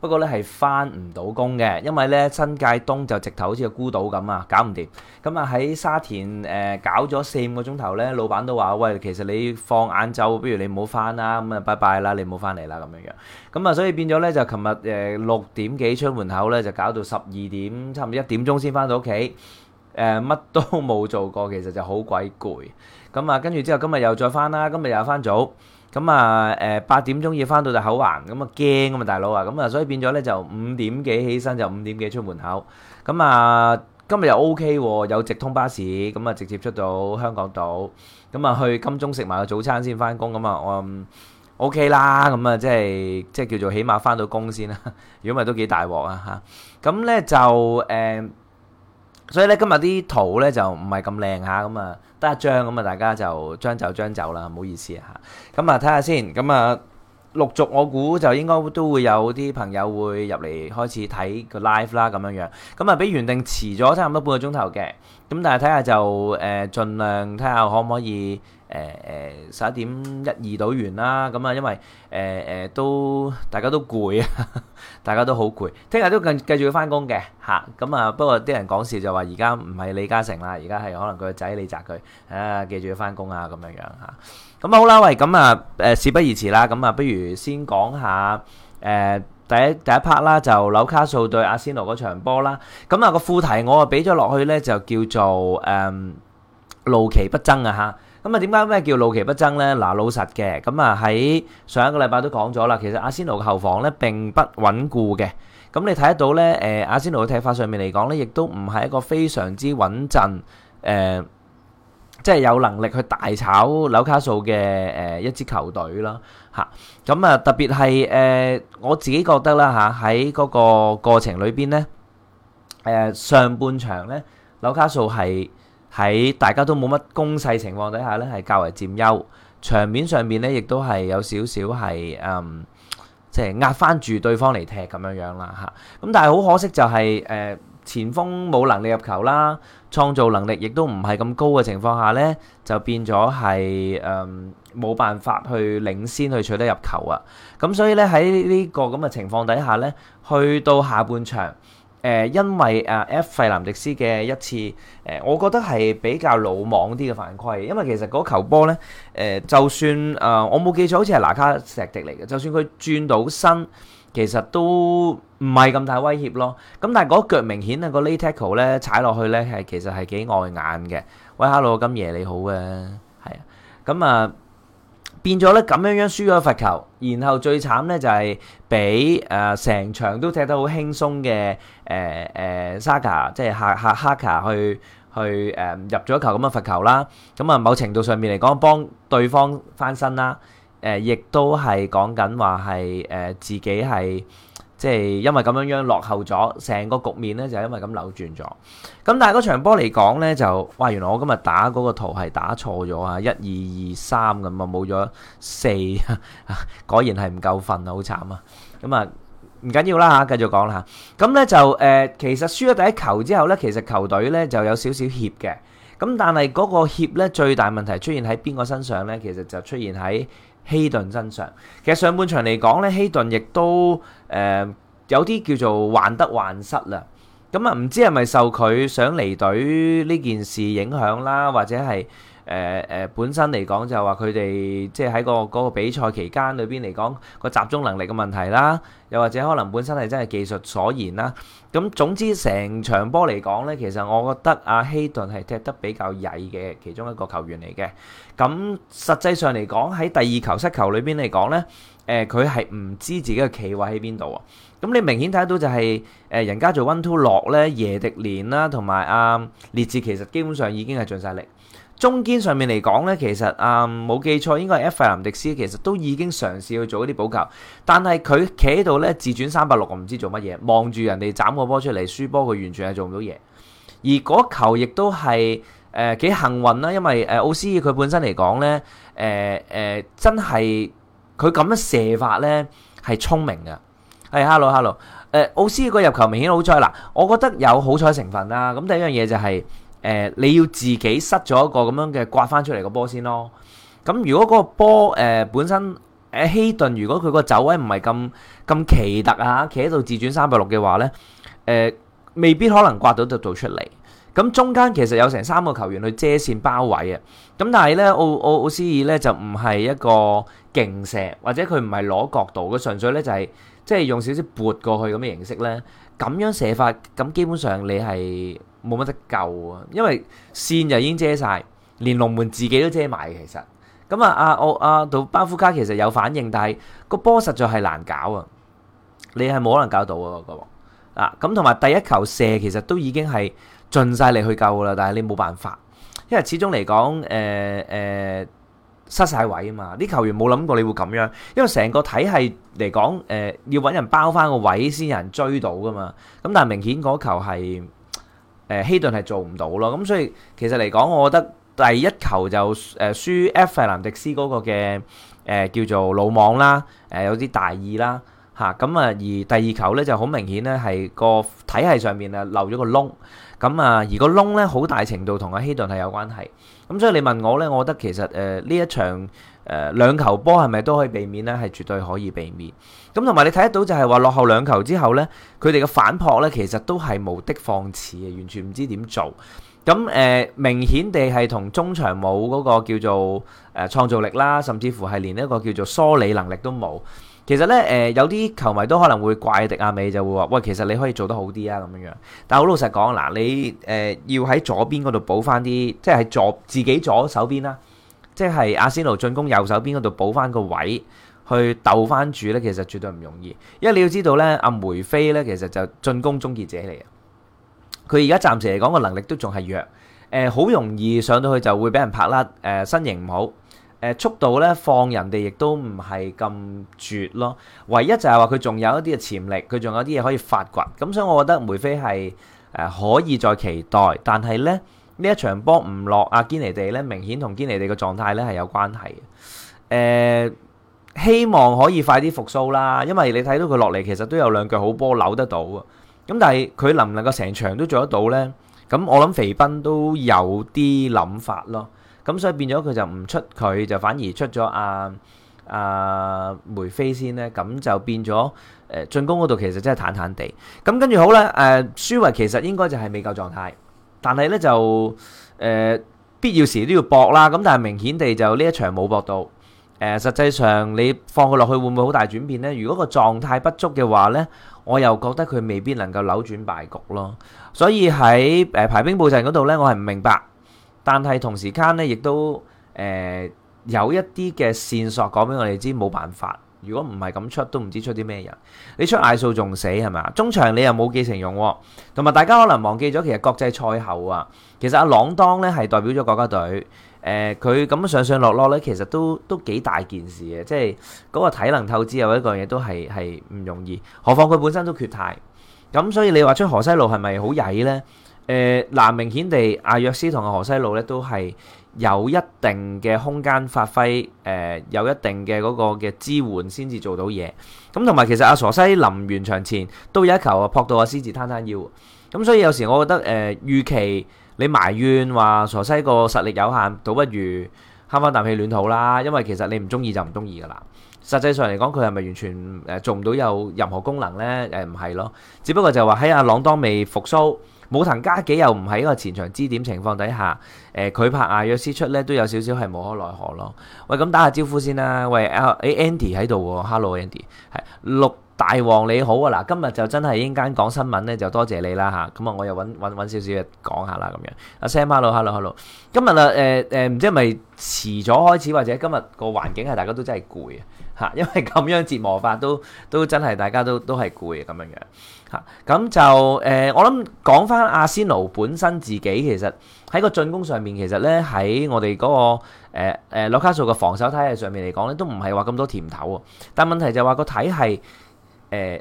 不過咧係翻唔到工嘅，因為咧新界東就直頭好似個孤島咁啊，搞唔掂。咁啊喺沙田誒、呃、搞咗四五個鐘頭咧，老闆都話：喂，其實你放晏晝，不如你唔好翻啦。咁啊，拜拜啦，你唔好翻嚟啦咁樣樣。咁、嗯、啊，所以變咗咧就琴日誒六點幾出門口咧，就搞到十二點，差唔多一點鐘先翻到屋企。誒、呃、乜都冇做過，其實就好鬼攰。咁、嗯、啊，跟住之後今日又再翻啦，今日又翻早。咁啊，誒八、呃、點鐘要返到大口環，咁啊驚咁啊大佬啊，咁啊所以變咗咧就五點幾起身，就五點幾出門口。咁啊今日又 OK 喎，有直通巴士，咁啊直接出到香港島。咁啊去金鐘食埋個早餐先返工，咁啊我、嗯、OK 啦。咁啊即係即係叫做起碼返到工先啦。如果唔係都幾大鑊啊嚇。咁咧就誒。呃所以咧今日啲圖咧就唔係咁靚嚇，咁啊得一張，咁啊大家就將就將就啦，唔好意思嚇、啊。咁啊睇下先，咁啊陸續我估就應該都會有啲朋友會入嚟開始睇個 live 啦咁樣樣。咁啊比原定遲咗差唔多半個鐘頭嘅，咁但係睇下就誒、呃、盡量睇下可唔可以。誒誒十一點一二到完啦，咁啊，因為誒誒都大家都攰啊，大家都好攰，聽日都更繼續要翻工嘅嚇，咁啊，不過啲人講笑就話而家唔係李嘉誠啦，而家係可能佢個仔李澤鉅，啊，記住要翻工啊咁樣樣嚇，咁啊好啦，喂，咁啊誒事不而遲啦，咁啊不如先講下誒第一第一 part 啦，就紐卡素對阿仙奴嗰場波啦，咁啊個副題我啊俾咗落去咧，就叫做誒怒其不爭啊嚇。咁啊，點解咩叫怒其不爭呢？嗱，老實嘅，咁啊喺上一個禮拜都講咗啦。其實阿仙奴嘅後防呢並不穩固嘅。咁你睇得到呢，誒，阿仙奴嘅踢法上面嚟講呢，亦都唔係一個非常之穩陣。即、呃、係、就是、有能力去大炒紐卡素嘅誒、呃、一支球隊啦。嚇、啊，咁啊特別係誒、呃，我自己覺得啦嚇，喺、啊、嗰個過程裏邊呢，誒、呃、上半場呢，紐卡素係喺大家都冇乜攻勢情況底下咧，係較為佔優，場面上面咧亦都係有少少係誒、嗯，即係壓翻住對方嚟踢咁樣樣啦嚇。咁但係好可惜就係、是、誒、呃、前鋒冇能力入球啦，創造能力亦都唔係咁高嘅情況下咧，就變咗係誒冇辦法去領先去取得入球啊。咁所以咧喺呢這個咁嘅情況底下咧，去到下半場。誒，因為啊，F 費南迪斯嘅一次誒，我覺得係比較魯莽啲嘅犯規，因為其實嗰球波咧誒，就算誒我冇記錯，好似係拿卡石迪嚟嘅，就算佢轉到身，其實都唔係咁大威脅咯。咁但係嗰腳明顯啊，個 late tackle 咧踩落去咧係其實係幾礙眼嘅。喂，hello，今夜你好啊，係啊，咁啊。變咗咧咁樣樣輸咗罰球，然後最慘咧就係俾誒成場都踢得好輕鬆嘅、呃、Saka 即係下下哈卡去去誒、呃、入咗球咁嘅罰球啦。咁、嗯、啊某程度上面嚟講，幫對方翻身啦。誒、呃、亦都係講緊話係誒自己係。即係因為咁樣樣落後咗，成個局面咧就係、是、因為咁扭轉咗。咁但係嗰場波嚟講咧，就哇原來我今日打嗰個圖係打錯咗啊！一二二三咁啊冇咗四，果然係唔夠瞓啊，好慘啊！咁啊唔緊要啦嚇，繼續講啦。咁咧就誒、呃、其實輸咗第一球之後咧，其實球隊咧就有少少怯嘅。咁但係嗰個怯咧最大問題出現喺邊個身上咧？其實就出現喺。希頓真相，其實上半場嚟講咧，希頓亦都誒、呃、有啲叫做患得患失啦。咁、嗯、啊，唔知係咪受佢想離隊呢件事影響啦，或者係。誒誒、呃，本身嚟講就話佢哋即係喺、那個嗰、那個、比賽期間裏邊嚟講個集中能力嘅問題啦，又或者可能本身係真係技術所言啦。咁總之成場波嚟講咧，其實我覺得阿希頓係踢得比較曳嘅其中一個球員嚟嘅。咁實際上嚟講喺第二球失球裏邊嚟講咧，誒佢係唔知自己嘅企位喺邊度啊。咁你明顯睇到就係、是、誒、呃、人家做 One Two 落咧，耶迪連啦同埋阿列治，其實基本上已經係盡晒力。中堅上面嚟講呢，其實啊冇、嗯、記錯，應該係埃弗林迪斯，其實都已經嘗試去做一啲補球。但係佢企喺度呢，自轉三百六，我唔知做乜嘢，望住人哋斬個波出嚟，輸波佢完全係做唔到嘢。而嗰球亦都係誒幾幸運啦，因為誒奧斯爾佢本身嚟講呢，誒、呃、誒、呃、真係佢咁樣射法呢係聰明嘅。係、哎、hello hello，誒奧斯爾個入球明顯好彩嗱，我覺得有好彩成分啦。咁第一樣嘢就係、是。誒、呃，你要自己塞咗一個咁樣嘅刮翻出嚟個波先咯。咁如果嗰個波誒、呃、本身誒希頓，如果佢個走位唔係咁咁奇特啊，企喺度自轉三百六嘅話咧，誒、呃、未必可能刮到就做出嚟。咁、嗯、中間其實有成三個球員去遮線包圍啊。咁但係咧，奧奧奧斯爾咧就唔係一個勁射，或者佢唔係攞角度，嘅純粹咧就係即係用少少撥過去咁嘅形式咧。咁樣射法，咁基本上你係。冇乜得救啊！因為線就已經遮晒，連龍門自己都遮埋。其實咁啊，阿阿杜巴夫卡其實有反應，但係個波實在係難搞啊！你係冇可能搞到、嗰個啊！咁同埋第一球射其實都已經係盡晒力去救啦，但係你冇辦法，因為始終嚟講誒誒失晒位啊嘛！啲球員冇諗過你會咁樣，因為成個體系嚟講誒，要揾人包翻個位先有人追到噶嘛。咁但係明顯嗰球係。誒希頓係做唔到咯，咁所以其實嚟講，我覺得第一球就誒輸埃弗蘭迪斯嗰個嘅誒、呃、叫做魯莽啦，誒有啲大意啦嚇，咁啊而第二球咧就好明顯咧係個體系上面啊漏咗個窿，咁啊而個窿咧好大程度同阿希頓係有關係，咁所以你問我咧，我覺得其實誒呢、呃、一場。誒兩球波係咪都可以避免呢？係絕對可以避免。咁同埋你睇得到就係話落後兩球之後呢，佢哋嘅反撲呢，其實都係無的放矢嘅，完全唔知點做。咁誒、呃、明顯地係同中場冇嗰個叫做誒創造力啦，甚至乎係連一個叫做梳理能力都冇。其實呢，誒、呃、有啲球迷都可能會怪迪亞美，就會話喂，其實你可以做得好啲啊咁樣樣。但係好老實講嗱，你誒、呃、要喺左邊嗰度補翻啲，即係喺左自己左手邊啦。即係阿仙奴進攻右手邊嗰度補翻個位去鬥翻住呢，其實絕對唔容易，因為你要知道呢，阿梅菲呢，其實就進攻終結者嚟啊！佢而家暫時嚟講個能力都仲係弱，誒、呃、好容易上到去就會俾人拍甩，誒、呃、身形唔好，誒、呃、速度呢放人哋亦都唔係咁絕咯。唯一就係話佢仲有一啲嘅潛力，佢仲有啲嘢可以發掘，咁所以我覺得梅菲係誒、呃、可以再期待，但係呢。呢一場波唔落，阿堅尼地咧明顯同堅尼地嘅狀態咧係有關係嘅。誒、呃，希望可以快啲復蘇啦，因為你睇到佢落嚟其實都有兩腳好波扭得到啊。咁但係佢能唔能夠成場都做得到咧？咁我諗肥賓都有啲諗法咯。咁所以變咗佢就唔出佢，就反而出咗阿阿梅菲先咧。咁就變咗誒、呃、進攻嗰度其實真係坦坦地。咁跟住好啦，誒、呃、舒維其實應該就係未夠狀態。但係咧就誒、呃、必要時都要搏啦，咁但係明顯地就呢一場冇搏到。誒、呃、實際上你放佢落去會唔會好大轉變呢？如果個狀態不足嘅話呢，我又覺得佢未必能夠扭轉敗局咯。所以喺誒、呃、排兵布陣嗰度呢，我係唔明白。但係同時間呢，亦都誒、呃、有一啲嘅線索講俾我哋知，冇辦法。如果唔係咁出，都唔知出啲咩人。你出艾數仲死係咪？中場你又冇繼承用、啊，同埋大家可能忘記咗，其實國際賽後啊，其實阿朗當咧係代表咗國家隊。誒、呃，佢咁上上落落咧，其實都都幾大件事嘅，即係嗰個體能透支有一個嘢都係係唔容易。何況佢本身都缺態，咁所以你話出河西路係咪好曳呢？誒，嗱，明顯地，阿約斯同阿河西路咧都係。有一定嘅空間發揮，誒、呃、有一定嘅嗰個嘅支援先至做到嘢。咁同埋其實阿傻西臨完場前都有一球啊，撲到阿獅子攤攤腰。咁、嗯、所以有時我覺得誒、呃、預期你埋怨話傻西個實力有限，倒不如喊翻啖氣暖肚啦。因為其實你唔中意就唔中意噶啦。實際上嚟講，佢係咪完全誒做唔到有任何功能咧？誒唔係咯，只不過就話喺阿朗當未復甦。武藤嘉紀又唔喺個前場支點情況底下，誒、呃、佢拍阿約斯出咧，都有少少係無可奈何咯。喂，咁打下招呼先啦。喂，L、啊、Andy 喺度喎，Hello Andy，係六大王你好啊！嗱，今日就真係應間講新聞咧，就多謝，謝你啦嚇。咁啊，啊，我又揾揾少少嘢講下啦咁樣。阿、啊、Sam，Hello，Hello，Hello，Hello, Hello, 今日啦誒誒，唔、呃、知係咪遲咗開始，或者今日個環境係大家都真係攰啊嚇，因為咁樣折磨法都都真係大家都都係攰嘅咁樣。嚇咁、嗯、就誒、呃，我諗講返阿仙奴本身自己其實喺個進攻上面，其實咧喺我哋嗰、那個誒紐、呃呃、卡素嘅防守體系上面嚟講咧，都唔係話咁多甜頭喎。但問題就係話個體系。誒、呃。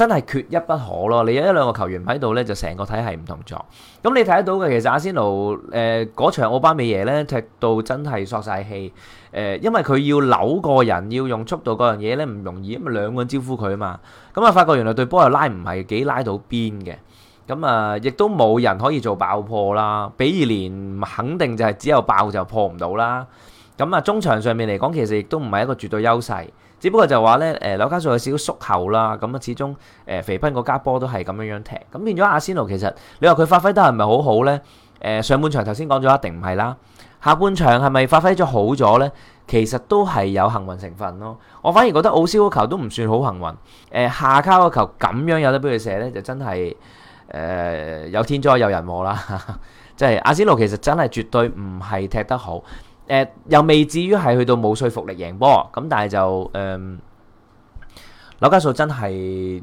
真係缺一不可咯！你有一兩個球員唔喺度咧，就成個體系唔同咗。咁你睇得到嘅，其實阿仙奴誒嗰場奧巴美耶咧踢到真係索曬氣誒，因為佢要扭個人要用速度嗰樣嘢咧唔容易，因為兩個人招呼佢啊嘛。咁啊發覺原來對波又拉唔係幾拉到邊嘅。咁啊亦都冇人可以做爆破啦。比爾連肯定就係只有爆就破唔到啦。咁啊中場上面嚟講，其實亦都唔係一個絕對優勢。只不過就話咧，誒紐卡素有少少縮後啦，咁、嗯、啊始終誒、呃、肥斌嗰家波都係咁樣樣踢，咁變咗阿仙奴其實你話佢發揮得係咪好好咧？誒、呃、上半場頭先講咗一定唔係啦，下半場係咪發揮咗好咗咧？其實都係有幸運成分咯。我反而覺得奧斯奧球都唔算好幸運，誒、呃、下卡個球咁樣有得俾佢射咧，就真係誒、呃、有天災有人禍啦。即 係、就是、阿仙奴其實真係絕對唔係踢得好。呃、又未至於係去到冇說服力贏波咁，但係就誒紐卡素真係誒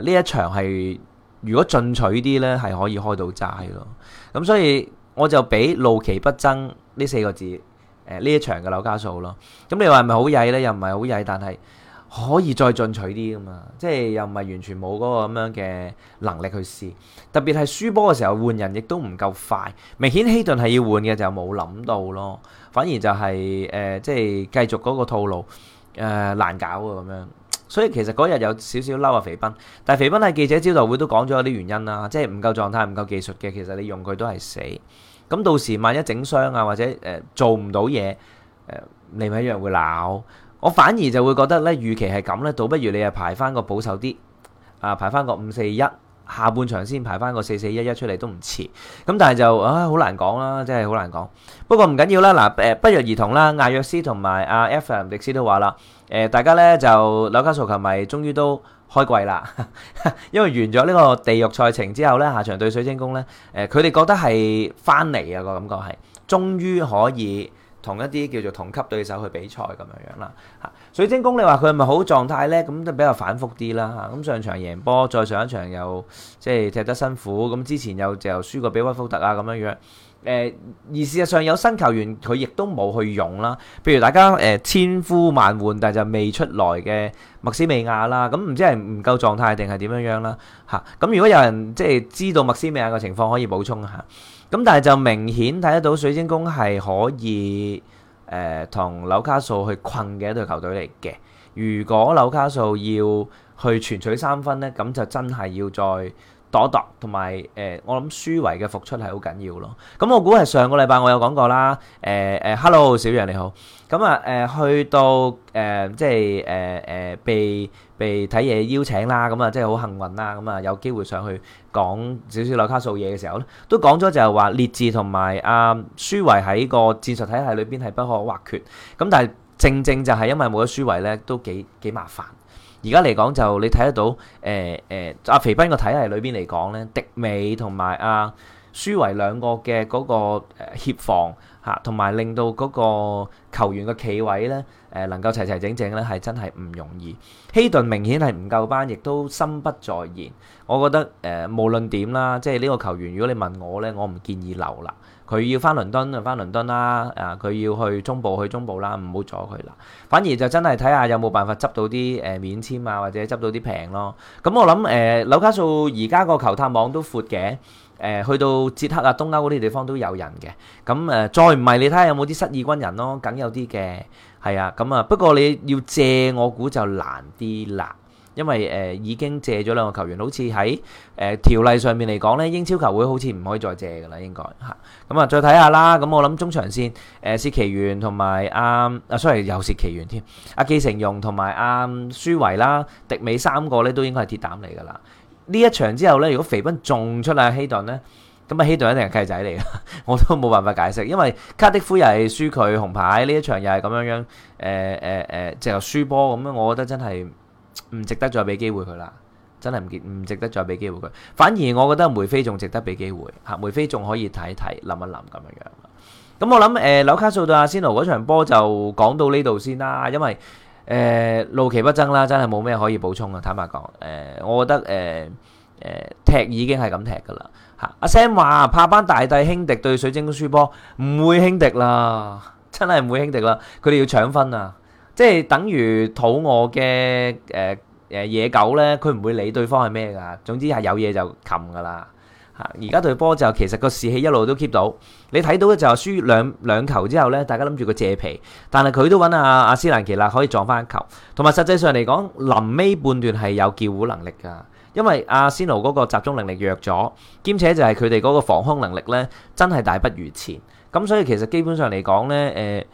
呢一場係如果進取啲呢係可以開到齋咯。咁所以我就俾怒其不爭呢四個字呢、呃、呢一場嘅紐卡素咯。咁你話係咪好曳呢？又唔係好曳，但係可以再進取啲噶嘛？即係又唔係完全冇嗰個咁樣嘅能力去試，特別係輸波嘅時候換人亦都唔夠快，明顯希頓係要換嘅，就冇諗到咯。反而就係、是、誒、呃，即係繼續嗰個套路誒、呃，難搞啊咁樣。所以其實嗰日有少少嬲啊，肥斌。但係肥斌喺記者招待會都講咗有啲原因啦，即係唔夠狀態，唔夠技術嘅。其實你用佢都係死咁。到時萬一整傷啊，或者誒、呃、做唔到嘢，你咪一樣會鬧。我反而就會覺得咧，預期係咁咧，倒不如你又排翻個保守啲啊，排翻個五四一。下半場先排翻個四四一一出嚟都唔遲，咁但係就唉好難講啦，真係好難講。不過唔緊要啦，嗱，誒不約而同啦，亞約斯同埋阿 F M 迪斯都話啦，誒、呃、大家咧就紐卡素球迷終於都開季啦， 因為完咗呢個地獄賽程之後咧，下場對水晶宮咧，誒佢哋覺得係翻嚟啊個感覺係，終於可以。同一啲叫做同級對手去比賽咁樣樣啦嚇，水晶宮你話佢係咪好狀態呢？咁就比較反覆啲啦嚇。咁上場贏波，再上一場又即係踢得辛苦。咁之前又就輸過俾屈福特啊咁樣樣。而事實上有新球員佢亦都冇去用啦。譬如大家誒千呼萬喚，但係就未出來嘅麥斯美亞啦。咁唔知係唔夠狀態定係點樣樣啦嚇。咁如果有人即係知道麥斯美亞嘅情況，可以補充下。咁但係就明顯睇得到水晶宮係可以誒，同紐卡素去困嘅一隊球隊嚟嘅。如果紐卡素要去全取三分咧，咁就真係要再。朵朵同埋誒，我諗書維嘅復出係好緊要咯。咁、嗯、我估係上個禮拜我有講過啦。誒、呃、誒，Hello，小楊你好。咁啊誒，去到誒、呃、即係誒誒被被睇嘢邀請啦。咁、嗯、啊，即係好幸運啦。咁、嗯、啊，有機會上去講少少紐卡素嘢嘅時候咧，都講咗就係話列治同埋阿書維喺個戰術體系裏邊係不可或缺。咁、嗯、但係正正就係因為冇咗書維咧，都幾幾麻煩。而家嚟講就你睇得到，誒誒阿肥斌嘅體系裏邊嚟講咧，迪美同埋阿舒維兩個嘅嗰個協防嚇，同、啊、埋令到嗰個球員嘅企位咧，誒、呃、能夠齊齊整整咧，係真係唔容易。希頓明顯係唔夠班，亦都心不在焉。我覺得誒、呃、無論點啦，即係呢個球員，如果你問我咧，我唔建議留啦。佢要翻倫敦就翻倫敦啦，啊佢要去中部去中部啦，唔好阻佢啦。反而就真係睇下有冇辦法執到啲誒免簽啊，或者執到啲平咯。咁、嗯、我諗誒紐卡素而家個球探網都闊嘅，誒、呃、去到捷克啊東歐嗰啲地方都有人嘅。咁、嗯、誒再唔係你睇下有冇啲失意軍人咯，梗有啲嘅，係啊。咁、嗯、啊不過你要借我估就難啲啦。因為誒、呃、已經借咗兩個球員，好似喺誒條例上面嚟講咧，英超球會好似唔可以再借㗎啦，應該嚇。咁啊，再睇下啦。咁我諗中場線誒薛、呃、奇源同埋阿阿雖然又是奇源添，阿、啊、奇誠庸同埋阿舒維啦、迪美三個咧都應該係鐵膽嚟㗎啦。呢一場之後咧，如果肥斌仲出阿希頓咧，咁阿希頓一定係契仔嚟㗎，我都冇辦法解釋。因為卡迪夫又係輸佢紅牌，呢一場又係咁樣樣誒誒誒，直、呃、頭、呃呃呃、輸波咁啊，我覺得真係。唔值得再俾機會佢啦，真係唔見唔值得再俾機會佢。反而我覺得梅飛仲值得俾機會嚇，梅飛仲可以睇睇、諗一諗咁樣。咁我諗誒紐卡素對阿仙奴嗰場波就講到呢度先啦，因為誒怒其不爭啦，真係冇咩可以補充啊。坦白講，誒、呃、我覺得誒誒、呃呃、踢已經係咁踢噶啦嚇。阿 Sam 話帕班大帝輕敵對水晶宮輸波，唔會輕敵啦，真係唔會輕敵啦，佢哋要搶分啊！即係等於肚餓嘅誒誒野狗咧，佢唔會理對方係咩噶，總之係有嘢就擒噶啦嚇。而家對波就其實個士氣一路都 keep 到，你睇到嘅就係輸兩兩球之後咧，大家諗住個借皮，但係佢都揾阿阿斯蘭奇啦，可以撞翻一球，同埋實際上嚟講，臨尾半段係有叫喚能力噶，因為阿仙奴嗰個集中能力弱咗，兼且就係佢哋嗰個防空能力咧，真係大不如前，咁所以其實基本上嚟講咧誒。呃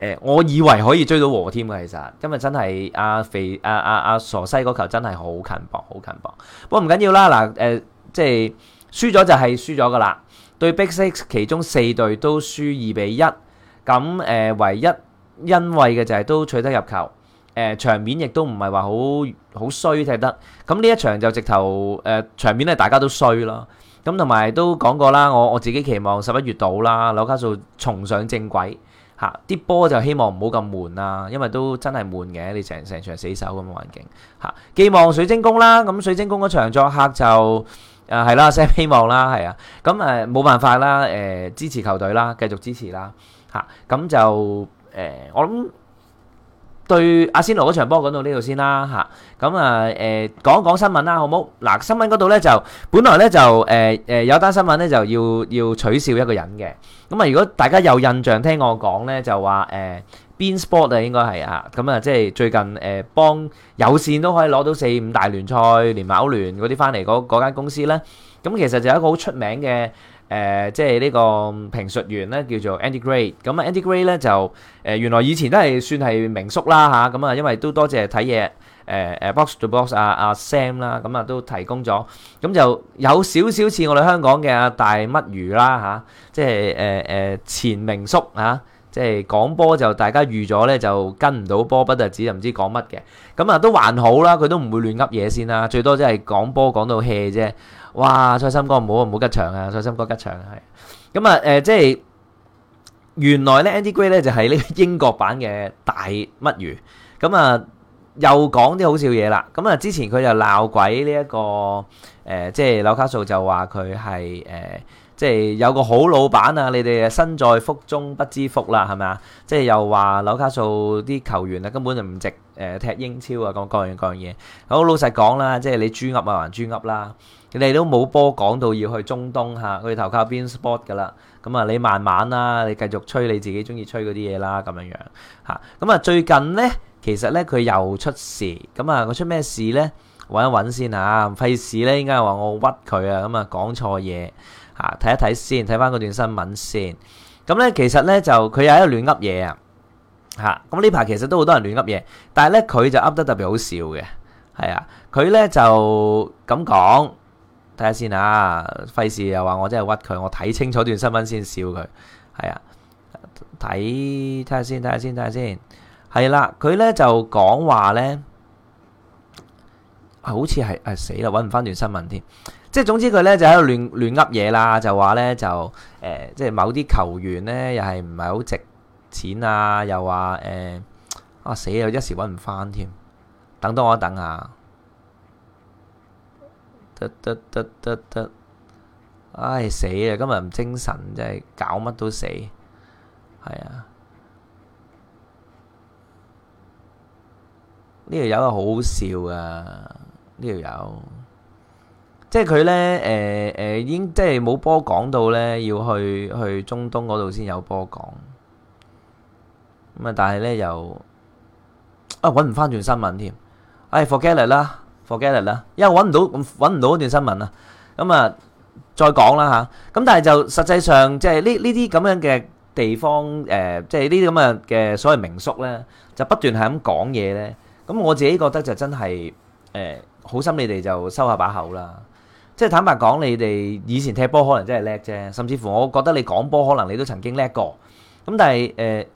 誒、呃，我以為可以追到和添㗎，其實今，今日真係阿肥阿阿阿傻西嗰球真係好近搏，好近搏。不過唔緊要啦，嗱、呃、誒，即係輸咗就係輸咗㗎啦。對 Big Six 其中四隊都輸二比一，咁、呃、誒唯一欣慰嘅就係都取得入球，誒、呃、場面亦都唔係話好好衰踢得。咁呢一場就直頭誒、呃、場面咧大家都衰咯。咁同埋都講過啦，我我自己期望十一月到啦，紐卡素重上正軌。嚇，啲波就希望唔好咁悶啦，因為都真係悶嘅，你成成場死守咁嘅環境。嚇、啊，寄望水晶宮啦，咁水晶宮嗰場作客就誒係啦，先、啊、希望啦，係啊，咁誒冇辦法啦，誒、呃、支持球隊啦，繼續支持啦。嚇、啊，咁就誒、呃、我諗。對阿仙奴嗰場波講到呢度先啦嚇，咁啊誒講一講新聞啦好冇？嗱新聞嗰度咧就，本來咧就誒誒有單新聞咧就要要取笑一個人嘅，咁啊如果大家有印象聽我講咧就話誒，beIN Sport 啊應該係啊，咁啊即係最近誒幫有線都可以攞到四五大聯賽連埋歐聯嗰啲翻嚟嗰嗰間公司咧，咁其實就有一個好出名嘅。誒，即係呢個評述員咧，叫做 Andy Gray。咁啊，Andy Gray 咧就誒，原來以前都係算係名宿啦嚇。咁啊，因為都多謝睇嘢誒誒，Box to Box 啊啊 Sam 啦，咁啊都提供咗。咁就有少少似我哋香港嘅阿大乜魚啦嚇，即係誒誒前名宿啊，即係講波就大家預咗咧，就跟唔到波，不得止就唔知講乜嘅。咁啊都還好啦，佢都唔會亂噏嘢先啦，最多即係講波講到 hea 啫。哇！蔡心哥唔好唔好，吉祥啊！蔡心哥吉祥係咁啊誒，即係原來咧 Andy Gray 咧就係呢個英國版嘅大乜魚咁啊，又講啲好笑嘢啦！咁啊之前佢就鬧鬼呢、這、一個誒、呃，即係紐卡素就話佢係誒。呃即係有個好老闆啊！你哋身在福中不知福啦，係咪啊？即係又話紐卡素啲球員啊，根本就唔值誒、呃、踢英超啊，講各樣各樣嘢。好老實講啦，即係你豬鴨啊還豬鴨啦，你哋都冇波講到要去中東嚇，去、啊、投靠邊 Sport 㗎啦。咁啊，你慢慢啦，你繼續吹你自己中意吹嗰啲嘢啦，咁樣樣嚇。咁啊，最近呢，其實呢，佢又出事咁啊，佢出咩事呢？揾一揾先嚇、啊，費事呢，應該話我屈佢啊，咁啊講錯嘢。睇一睇先，睇翻嗰段新聞先。咁、嗯、咧，其實咧就佢又喺度亂噏嘢啊。嚇、嗯，咁呢排其實都好多人亂噏嘢，但係咧佢就噏得特別好笑嘅。係啊，佢咧就咁講，睇下先啊。費事又話我真係屈佢，我睇清楚段新聞先笑佢。係啊，睇睇下先，睇下先，睇下先。係啦，佢咧、啊、就講話咧，好似係係死啦，搵唔翻段新聞添。即係總之佢咧就喺度亂亂噏嘢啦，就話咧就誒、呃，即係某啲球員咧又係唔係好值錢啊，又話誒、呃，啊死啊一時搵唔返添，等多我一等下，得得得得得，唉死啊，今日唔精神真係搞乜都死，係啊，呢條友啊好好笑㗎，呢條友。即係佢咧，誒誒，已經即係冇波講到咧，要去去中東嗰度先有波講。咁啊，但係咧又啊，揾唔翻段新聞添。誒，forget it 啦，forget it 啦，因為揾唔到揾唔到一段新聞喇。咁啊，再講啦嚇。咁但係就實際上，即係呢呢啲咁樣嘅地方，誒，即係呢啲咁樣嘅所謂民宿咧，就不斷係咁講嘢咧。咁我自己覺得就真係誒，好心你哋就收下把口啦。即係坦白講，你哋以前踢波可能真係叻啫，甚至乎我覺得你講波可能你都曾經叻過。咁但係誒，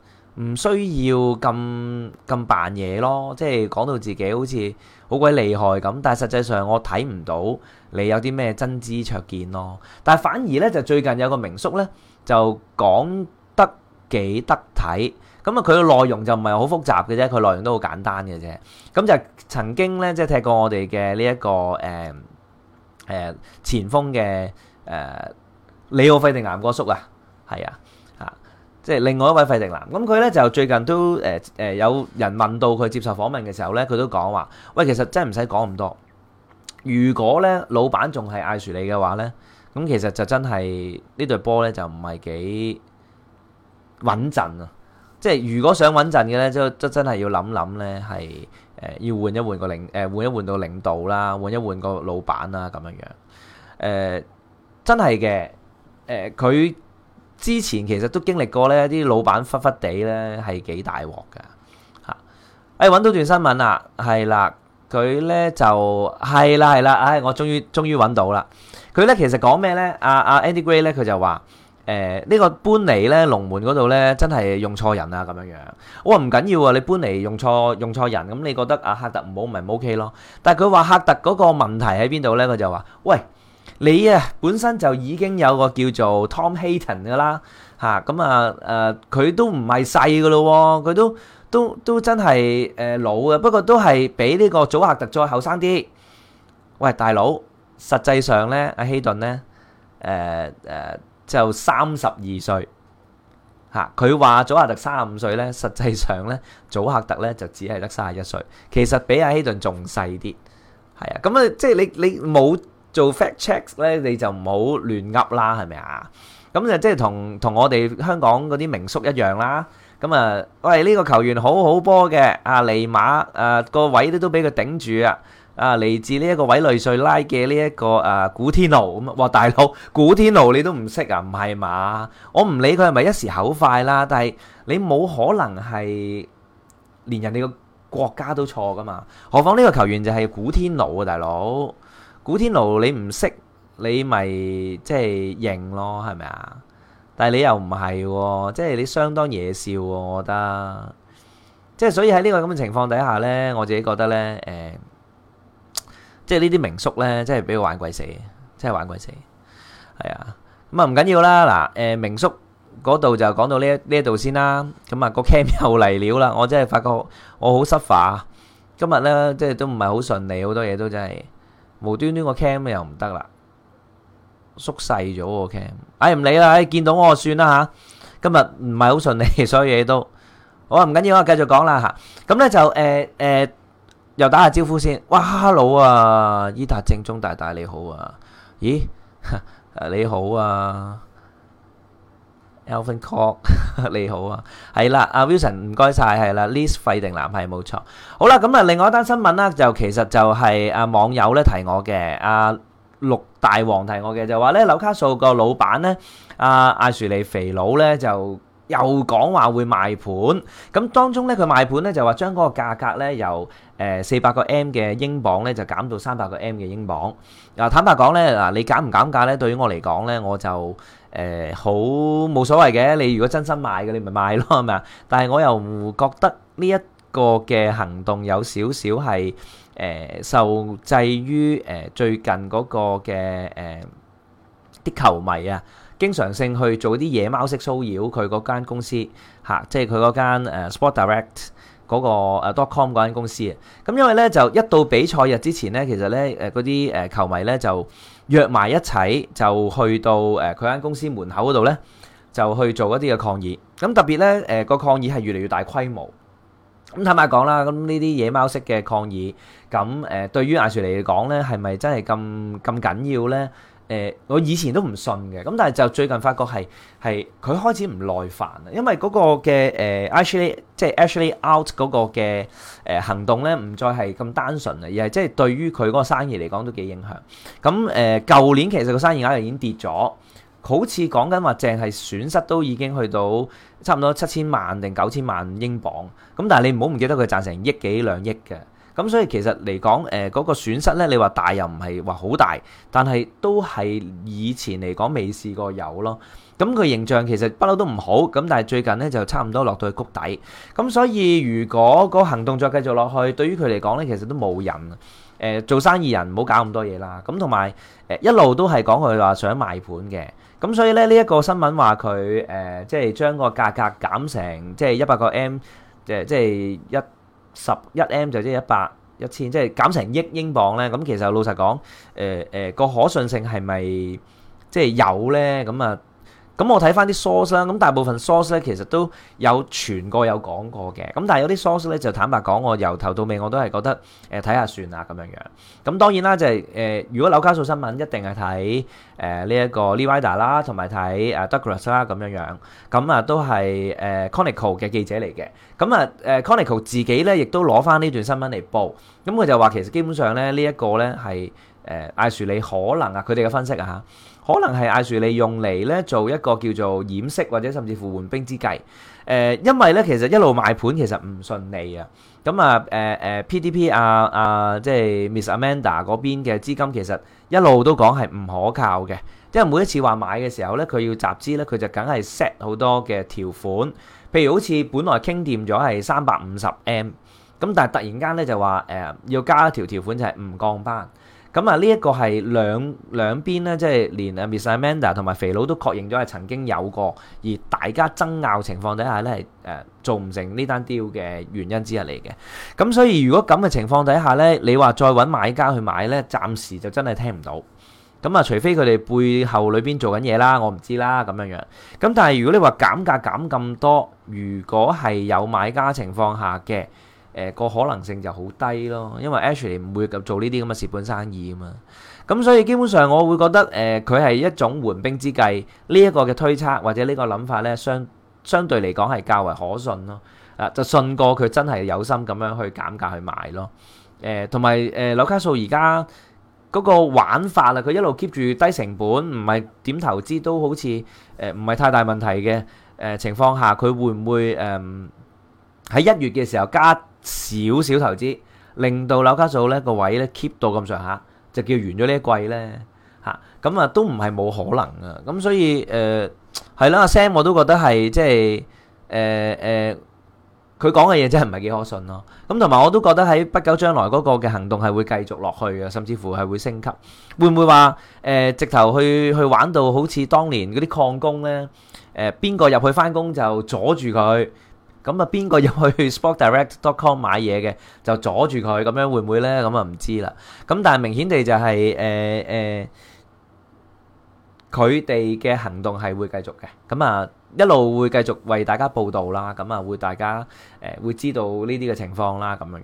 唔需要咁咁扮嘢咯。即係講到自己好似好鬼厲害咁，但係實際上我睇唔到你有啲咩真知灼見咯。但係反而咧，就最近有個名宿咧，就講得幾得體。咁啊，佢嘅內容就唔係好複雜嘅啫，佢內容都好簡單嘅啫。咁就曾經咧，即係踢過我哋嘅呢一個誒。呃誒前鋒嘅誒、呃、李奧費定南哥叔啊，係啊，嚇、啊，即係另外一位費定南。咁佢咧就最近都誒誒、呃呃、有人問到佢接受訪問嘅時候咧，佢都講話：喂，其實真係唔使講咁多。如果咧老闆仲係 Ashley 嘅話咧，咁其實就真係呢隊波咧就唔係幾穩陣啊！即係如果想穩陣嘅咧，就真真係要諗諗咧係。誒，要換一換個領，誒，換一換到領導啦，換一換個老闆啦，咁樣樣。誒、呃，真係嘅，誒、呃，佢之前其實都經歷過咧，啲老闆忽忽地咧，係幾大鑊噶吓。哎，搵到段新聞啦，係啦，佢咧就係啦係啦，唉，我終於終於搵到啦。佢咧其實講咩咧？阿、啊、阿、啊、Andy Gray 咧，佢就話。誒呢、呃呢個搬嚟咧，龍門嗰度咧，真係用錯人啊！咁樣樣，我話唔緊要啊，你搬嚟用錯用錯人，咁你覺得阿哈特唔好咪唔 OK 咯？但係佢話哈特嗰個問題喺邊度咧？佢就話，喂，你啊，本身就已經有個叫做 Tom Heaton 噶啦，吓，咁啊，誒、啊，佢、啊、都唔係細噶咯，佢都都都，都真係誒、呃、老嘅，不過都係比呢個祖哈特再後生啲。喂，大佬，實際上咧，阿希頓咧，誒、呃、誒。呃呃就三十二歲，吓，佢話祖克特三十五歲咧，實際上咧，祖克特咧就只係得三十一歲，其實比阿希頓仲細啲，係啊，咁啊即係你你冇做 fact checks 咧，你就唔好亂噏啦，係咪啊？咁啊即係同同我哋香港嗰啲名宿一樣啦，咁啊，喂，呢個球員好好波嘅，阿尼馬誒個位都都俾佢頂住啊！啊！嚟自呢一個委內瑞拉嘅呢一個啊古天奴咁哇，大佬古天奴你都唔識啊？唔係嘛？我唔理佢係咪一時口快啦，但係你冇可能係連人哋個國家都錯㗎嘛？何況呢個球員就係古天奴啊，大佬古天奴你唔識，你咪即係認咯，係咪啊？但係你又唔係，即係你相當嘢笑喎、啊，我覺得。即係所以喺呢個咁嘅情況底下呢，我自己覺得呢。誒、呃。即係呢啲民宿咧，真係俾佢玩鬼死，真係玩鬼死，係啊。咁啊唔緊要啦。嗱，誒民宿嗰度就講到呢一呢一度先啦。咁啊個 cam 又嚟了啦。我真係發覺我好 suffer。今日咧即係都唔係好順利，好多嘢都真係無端端個 cam 又唔得啦，縮細咗個 cam。哎唔理啦，哎見到我算啦嚇。今日唔係好順利，所有嘢都好啊唔緊要啊，繼續講啦嚇。咁咧就誒誒。又打下招呼先，哇，哈嘍啊，伊達正宗大大你好啊，咦，你好啊，Alvin Cole 你好啊，係 好、啊、 啦，阿 Wilson 唔該晒，係啦，List 廢定男係冇錯，好啦，咁、嗯、啊，另外一單新聞啦、啊，就其實就係、是、啊網友咧提我嘅，阿、啊、六大王提我嘅就話咧紐卡素個老闆咧，阿阿殊利肥佬咧就。又講話會賣盤，咁當中佢賣盤就話將嗰個價格由四百個 M 嘅英鎊，就減到三百個 M 嘅英鎊，坦白講你減唔減價對於我嚟講，我就好冇所謂嘅，你如果真心買嘅你咪買咯，係咪啊？但係我又唔覺得呢一個嘅行動有少少係受制於最近嗰個嘅啲球迷啊，經常性去做一啲野貓式騷擾佢嗰間公司嚇，即係佢嗰間誒 Sport Direct 嗰個誒 Dotcom 嗰間公司啊。咁因為咧就一到比賽日之前咧，其實咧誒嗰啲誒球迷咧就約埋一齊就去到誒佢間公司門口嗰度咧，就去做一啲嘅抗議。咁特別咧誒個抗議係越嚟越大規模。咁坦白講啦，咁呢啲野貓式嘅抗議，咁誒對於阿殊嚟講咧，係咪真係咁咁緊要咧？誒、呃，我以前都唔信嘅，咁但係就最近發覺係係佢開始唔耐煩啦，因為嗰個嘅誒 Ashley 即係 Ashley Out 嗰個嘅誒、呃、行動咧，唔再係咁單純啦，而係即係對於佢嗰個生意嚟講都幾影響。咁誒，舊、呃、年其實個生意額又已經跌咗，好似講緊話淨係損失都已經去到差唔多七千萬定九千萬英鎊。咁但係你唔好唔記得佢賺成億幾兩億嘅。咁所以其實嚟講，誒嗰個損失咧，你話大又唔係話好大，但係都係以前嚟講未試過有咯。咁佢形象其實不嬲都唔好，咁但係最近咧就差唔多落到去谷底。咁所以如果個行動再繼續落去，對於佢嚟講咧，其實都冇人誒做生意人唔好搞咁多嘢啦。咁同埋誒一路都係講佢話想賣盤嘅。咁所以咧呢一個新聞話佢誒即係將個價格減成即係一百個 M，即係即係一。十一 M 就即係一百一千，即係減成億英鎊咧。咁其實老實講，誒誒個可信性係咪即係有咧？咁啊～咁我睇翻啲 source 啦，咁大部分 source 咧其實都有傳過有講過嘅，咁但係有啲 source 咧就坦白講，我由頭到尾我都係覺得誒睇下算啦咁樣樣。咁當然啦，就係、是、誒、呃、如果紐卡素新聞，一定係睇誒呢一個 Levida 啦，同埋睇啊 Douglas 啦咁樣樣。咁啊都係誒、呃、Conical 嘅記者嚟嘅。咁啊誒、呃、Conical 自己咧亦都攞翻呢段新聞嚟報。咁佢就話其實基本上咧呢一、這個咧係誒艾殊利可能啊佢哋嘅分析啊嚇。可能係艾樹利用嚟咧做一個叫做掩飾或者甚至乎緩兵之計，誒、呃，因為咧其實一路賣盤其實唔順利啊，咁、呃、啊誒、呃、誒 PDP 啊，阿、呃、即係 Miss Amanda 嗰邊嘅資金其實一路都講係唔可靠嘅，因為每一次話買嘅時候咧，佢要集資咧，佢就梗係 set 好多嘅條款，譬如好似本來傾掂咗係三百五十 M，咁但係突然間咧就話誒、呃、要加一條條款就係唔降班。咁啊，呢一個係兩兩邊咧，即係連阿 Miss Amanda 同埋肥佬都確認咗係曾經有過，而大家爭拗情況底下咧，誒、呃、做唔成呢單 deal 嘅原因之一嚟嘅。咁所以如果咁嘅情況底下咧，你話再揾買家去買咧，暫時就真係聽唔到。咁啊，除非佢哋背後裏邊做緊嘢啦，我唔知啦咁樣樣。咁但係如果你話減價減咁多，如果係有買家情況下嘅。誒個可能性就好低咯，因為 Ashley 唔會做呢啲咁嘅蝕本生意啊嘛，咁所以基本上我會覺得誒佢係一種緩兵之計，呢一個嘅推測或者呢個諗法咧，相相對嚟講係較為可信咯，啊就信過佢真係有心咁樣去減價去賣咯，誒同埋誒紐卡素而家嗰個玩法啦，佢一路 keep 住低成本，唔係點投資都好似誒唔係太大問題嘅誒情況下，佢會唔會誒喺一月嘅時候加？少少投資，令到紐卡素咧個位咧 keep 到咁上下，就叫完咗呢一季咧嚇，咁啊都唔係冇可能啊，咁所以誒係啦，阿、呃、Sam 我都覺得係即係誒誒，佢講嘅嘢真係唔係幾可信咯，咁同埋我都覺得喺不久將來嗰個嘅行動係會繼續落去嘅，甚至乎係會升級，會唔會話誒、呃、直頭去去玩到好似當年嗰啲礦工咧誒邊個入去翻工就阻住佢？咁啊，邊個入去 sportdirect.com 買嘢嘅，就阻住佢，咁樣會唔會咧？咁啊唔知啦。咁但係明顯地就係誒誒，佢哋嘅行動係會繼續嘅。咁啊，一路會繼續為大家報道啦。咁啊，會大家誒會知道呢啲嘅情況啦。咁樣樣。